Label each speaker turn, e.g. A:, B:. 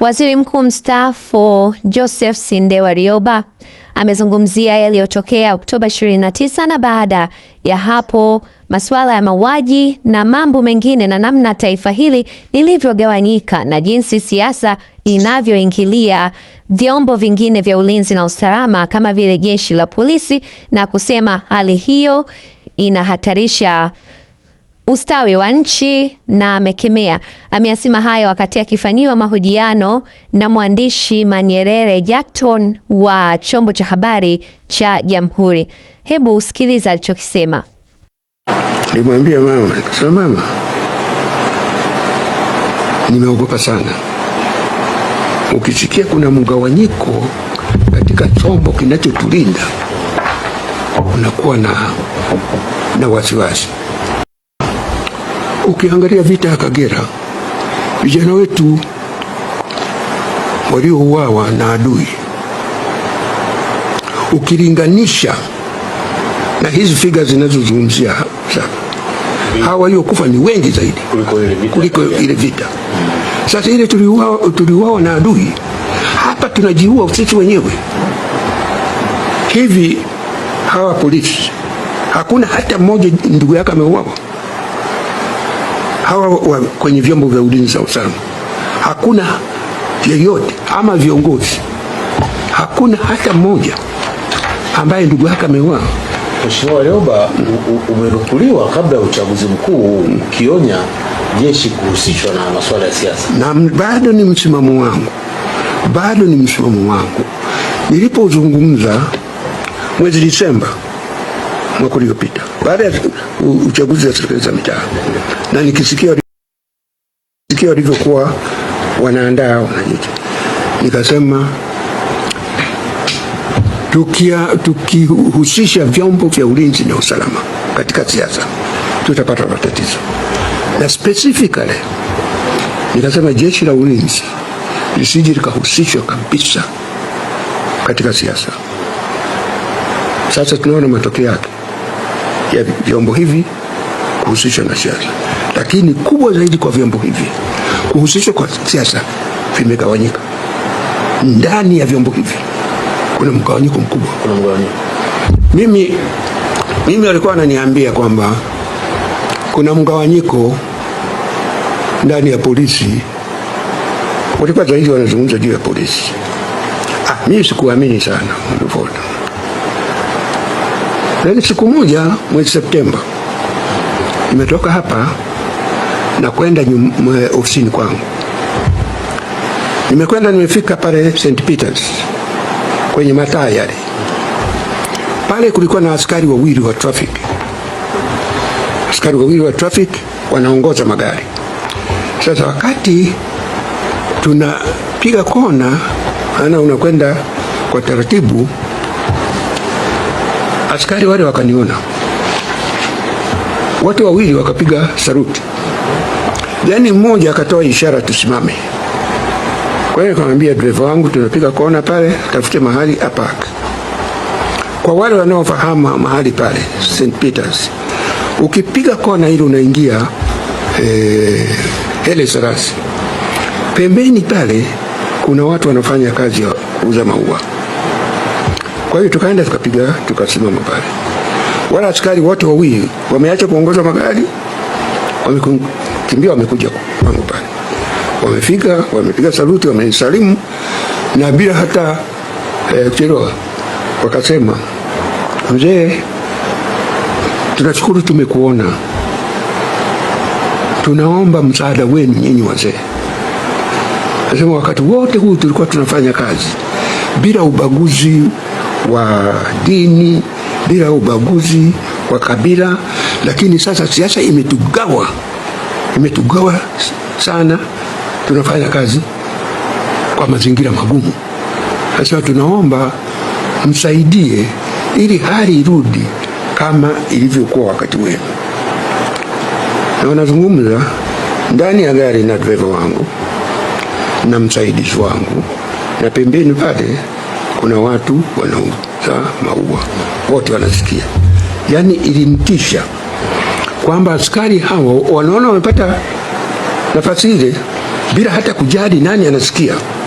A: Waziri Mkuu mstaafu Joseph Sindewa Rioba amezungumzia yaliyotokea Oktoba 29 na baada ya hapo masuala ya mauaji na mambo mengine na namna taifa hili lilivyogawanyika na jinsi siasa inavyoingilia vyombo vingine vya ulinzi na usalama kama vile jeshi la polisi na kusema hali hiyo inahatarisha ustawi wa nchi na amekemea. Ameyasema hayo wakati akifanyiwa mahojiano na mwandishi Manyerere Jackton wa chombo cha habari cha Jamhuri. Hebu usikiliza alichokisema.
B: Nimwambia mama, sema mama, nimeogopa sana. Ukisikia kuna mgawanyiko katika chombo kinachotulinda unakuwa na, na wasiwasi ukiangalia vita ya Kagera, vijana wetu waliouawa na adui ukilinganisha na hizi figa zinazozungumzia sasa, hawa waliokufa ni wengi zaidi kuliko ile vita. Sasa ile tuliuawa, tuliuawa na adui, hapa tunajiua sisi wenyewe. Hivi hawa polisi hakuna hata mmoja ndugu yake ameuawa? hawa wa, kwenye vyombo vya ulinzi na usalama, hakuna yeyote ama viongozi, hakuna hata mmoja ambaye ndugu yake ameuawa.
C: Mheshimiwa Warioba, umenukuliwa kabla ya uchaguzi mkuu ukionya jeshi kuhusishwa na masuala ya siasa,
B: na bado ni msimamo wangu, bado ni msimamo wangu nilipozungumza mwezi Disemba mwaka uliopita baada ya uchaguzi wa serikali za mitaa, na nikisikia walivyokuwa wanaandaa wananchi, nikasema tukihusisha vyombo vya ulinzi na usalama katika siasa tutapata matatizo, na specifically nikasema jeshi la ulinzi lisije likahusishwa kabisa katika siasa. Sasa tunaona matokeo yake ya vyombo hivi kuhusishwa na siasa, lakini kubwa zaidi kwa vyombo hivi kuhusishwa kwa siasa vimegawanyika. Ndani ya vyombo hivi kuna mgawanyiko mkubwa, kuna mgawanyiko. Mimi mimi walikuwa wananiambia kwamba kuna mgawanyiko ndani ya polisi, walikuwa zaidi wanazungumza juu ya polisi. Ah, mimi sikuamini sana lakini siku moja mwezi Septemba nimetoka hapa na kwenda ofisini kwangu, nimekwenda nimefika pale St Peters kwenye mataa yale pale, kulikuwa na askari wawili wa traffic, askari wawili wa traffic wanaongoza magari. Sasa wakati tunapiga kona, ana unakwenda kwa taratibu Askari wale wakaniona, watu wawili wakapiga saruti, yaani mmoja akatoa ishara tusimame. Kwa hiyo nikamwambia dereva wangu, tunapiga kona pale, tafute mahali apaka. Kwa wale wanaofahamu mahali pale St Peters, ukipiga kona ile unaingia eh, Haile sarasi Pembeni pale kuna watu wanafanya kazi ya kuuza maua. Kwa hiyo tukaenda tukapiga tukasimama pale, wala askari wote wawili wameacha kuongoza magari, wamekimbia wamekuja kwangu pale, wamefika wamepiga saluti, wamenisalimu na bila hata eh, kuchelewa, wakasema mzee, tunashukuru tumekuona, tunaomba msaada wenu nyinyi wazee. Nasema wakati wote huu tulikuwa tunafanya kazi bila ubaguzi wa dini bila ubaguzi wa kabila. Lakini sasa siasa imetugawa, imetugawa sana. Tunafanya kazi kwa mazingira magumu. Sasa tunaomba msaidie ili hali irudi kama ilivyokuwa wakati wenu. Na wanazungumza ndani ya gari na driver wangu na msaidizi wangu na pembeni pale kuna watu wanauza maua, wote wanasikia. yani ilimtisha kwamba askari hao wanaona wamepata nafasi ile bila hata kujali nani anasikia.